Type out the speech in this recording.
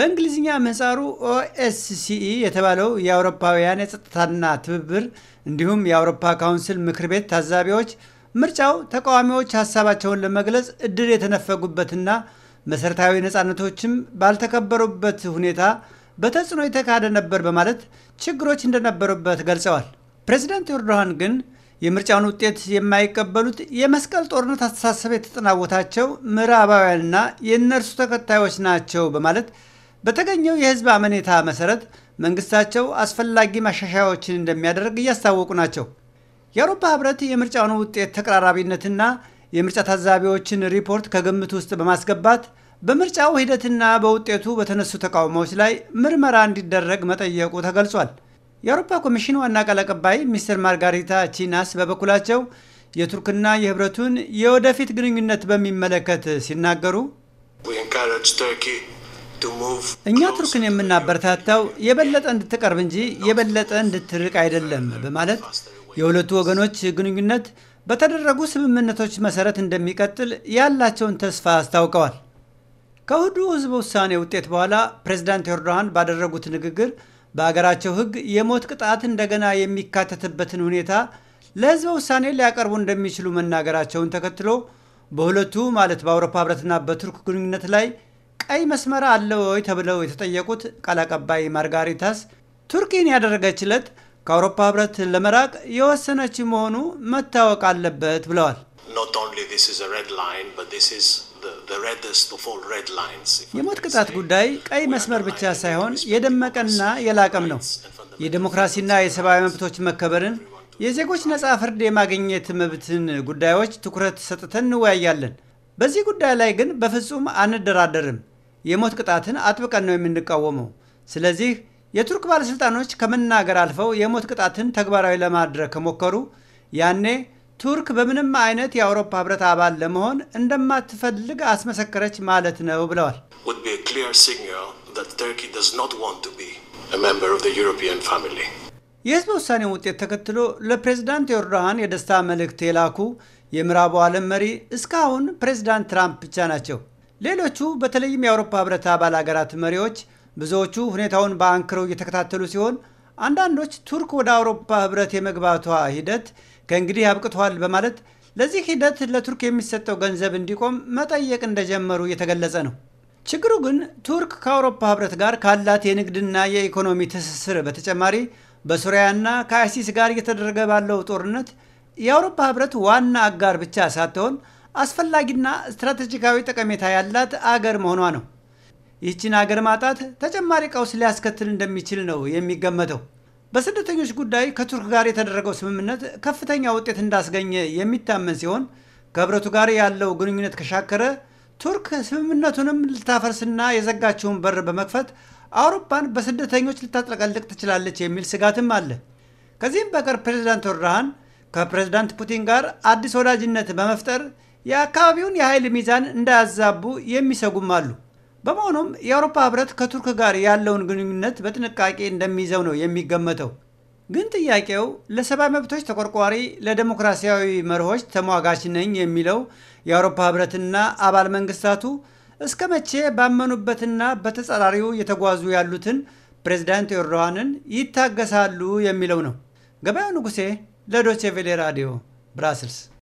በእንግሊዝኛ መጻሩ ኦኤስሲኢ የተባለው የአውሮፓውያን የጸጥታና ትብብር እንዲሁም የአውሮፓ ካውንስል ምክር ቤት ታዛቢዎች ምርጫው ተቃዋሚዎች ሀሳባቸውን ለመግለጽ እድል የተነፈጉበትና መሠረታዊ ነፃነቶችም ባልተከበሩበት ሁኔታ በተጽዕኖ የተካሄደ ነበር በማለት ችግሮች እንደነበሩበት ገልጸዋል። ፕሬዚደንት ኤርዶሃን ግን የምርጫውን ውጤት የማይቀበሉት የመስቀል ጦርነት አስተሳሰብ የተጠናወታቸው ምዕራባውያንና የእነርሱ ተከታዮች ናቸው በማለት በተገኘው የህዝብ አመኔታ መሰረት መንግስታቸው አስፈላጊ ማሻሻያዎችን እንደሚያደርግ እያስታወቁ ናቸው። የአውሮፓ ህብረት የምርጫውን ውጤት ተቀራራቢነትና የምርጫ ታዛቢዎችን ሪፖርት ከግምት ውስጥ በማስገባት በምርጫው ሂደትና በውጤቱ በተነሱ ተቃውሞዎች ላይ ምርመራ እንዲደረግ መጠየቁ ተገልጿል። የአውሮፓ ኮሚሽን ዋና ቃል አቀባይ ሚስተር ማርጋሪታ ቺናስ በበኩላቸው የቱርክና የህብረቱን የወደፊት ግንኙነት በሚመለከት ሲናገሩ እኛ ቱርክን የምናበረታታው የበለጠ እንድትቀርብ እንጂ የበለጠ እንድትርቅ አይደለም በማለት የሁለቱ ወገኖች ግንኙነት በተደረጉ ስምምነቶች መሰረት እንደሚቀጥል ያላቸውን ተስፋ አስታውቀዋል። ከእሁዱ ህዝብ ውሳኔ ውጤት በኋላ ፕሬዚዳንት ኤርዶሃን ባደረጉት ንግግር በአገራቸው ህግ የሞት ቅጣት እንደገና የሚካተትበትን ሁኔታ ለህዝበ ውሳኔ ሊያቀርቡ እንደሚችሉ መናገራቸውን ተከትሎ በሁለቱ ማለት በአውሮፓ ህብረትና በቱርክ ግንኙነት ላይ ቀይ መስመር አለ ወይ ተብለው የተጠየቁት ቃል አቀባይ ማርጋሪታስ ቱርኪን ያደረገችለት ከአውሮፓ ህብረት ለመራቅ የወሰነች መሆኑ መታወቅ አለበት ብለዋል። የሞት ቅጣት ጉዳይ ቀይ መስመር ብቻ ሳይሆን የደመቀና የላቀም ነው። የዲሞክራሲና የሰብአዊ መብቶች መከበርን፣ የዜጎች ነጻ ፍርድ የማግኘት መብትን ጉዳዮች ትኩረት ሰጥተን እንወያያለን። በዚህ ጉዳይ ላይ ግን በፍጹም አንደራደርም። የሞት ቅጣትን አጥብቀን ነው የምንቃወመው። ስለዚህ የቱርክ ባለሥልጣኖች ከመናገር አልፈው የሞት ቅጣትን ተግባራዊ ለማድረግ ከሞከሩ ያኔ ቱርክ በምንም አይነት የአውሮፓ ህብረት አባል ለመሆን እንደማትፈልግ አስመሰከረች ማለት ነው ብለዋል። የህዝብ ውሳኔውን ውጤት ተከትሎ ለፕሬዝዳንት ኤርዶሃን የደስታ መልእክት የላኩ የምዕራቡ ዓለም መሪ እስካሁን ፕሬዝዳንት ትራምፕ ብቻ ናቸው። ሌሎቹ በተለይም የአውሮፓ ህብረት አባል አገራት መሪዎች ብዙዎቹ ሁኔታውን በአንክረው እየተከታተሉ ሲሆን አንዳንዶች ቱርክ ወደ አውሮፓ ህብረት የመግባቷ ሂደት ከእንግዲህ አብቅቷል በማለት ለዚህ ሂደት ለቱርክ የሚሰጠው ገንዘብ እንዲቆም መጠየቅ እንደጀመሩ እየተገለጸ ነው። ችግሩ ግን ቱርክ ከአውሮፓ ህብረት ጋር ካላት የንግድና የኢኮኖሚ ትስስር በተጨማሪ በሱሪያና ከአይሲስ ጋር እየተደረገ ባለው ጦርነት የአውሮፓ ህብረት ዋና አጋር ብቻ ሳትሆን አስፈላጊና ስትራቴጂካዊ ጠቀሜታ ያላት አገር መሆኗ ነው። ይህችን አገር ማጣት ተጨማሪ ቀውስ ሊያስከትል እንደሚችል ነው የሚገመተው። በስደተኞች ጉዳይ ከቱርክ ጋር የተደረገው ስምምነት ከፍተኛ ውጤት እንዳስገኘ የሚታመን ሲሆን ከህብረቱ ጋር ያለው ግንኙነት ከሻከረ ቱርክ ስምምነቱንም ልታፈርስና የዘጋችውን በር በመክፈት አውሮፓን በስደተኞች ልታጥለቀልቅ ትችላለች የሚል ስጋትም አለ። ከዚህም በቀር ፕሬዚዳንት ኦርዳሃን ከፕሬዚዳንት ፑቲን ጋር አዲስ ወዳጅነት በመፍጠር የአካባቢውን የኃይል ሚዛን እንዳያዛቡ የሚሰጉም አሉ። በመሆኑም የአውሮፓ ህብረት ከቱርክ ጋር ያለውን ግንኙነት በጥንቃቄ እንደሚይዘው ነው የሚገመተው። ግን ጥያቄው ለሰብአዊ መብቶች ተቆርቋሪ፣ ለዴሞክራሲያዊ መርሆች ተሟጋች ነኝ የሚለው የአውሮፓ ህብረትና አባል መንግስታቱ እስከ መቼ ባመኑበትና በተጻራሪው የተጓዙ ያሉትን ፕሬዚዳንት ኤርዶሃንን ይታገሳሉ የሚለው ነው። ገበያው ንጉሴ ለዶቼ ቬሌ ራዲዮ ብራስልስ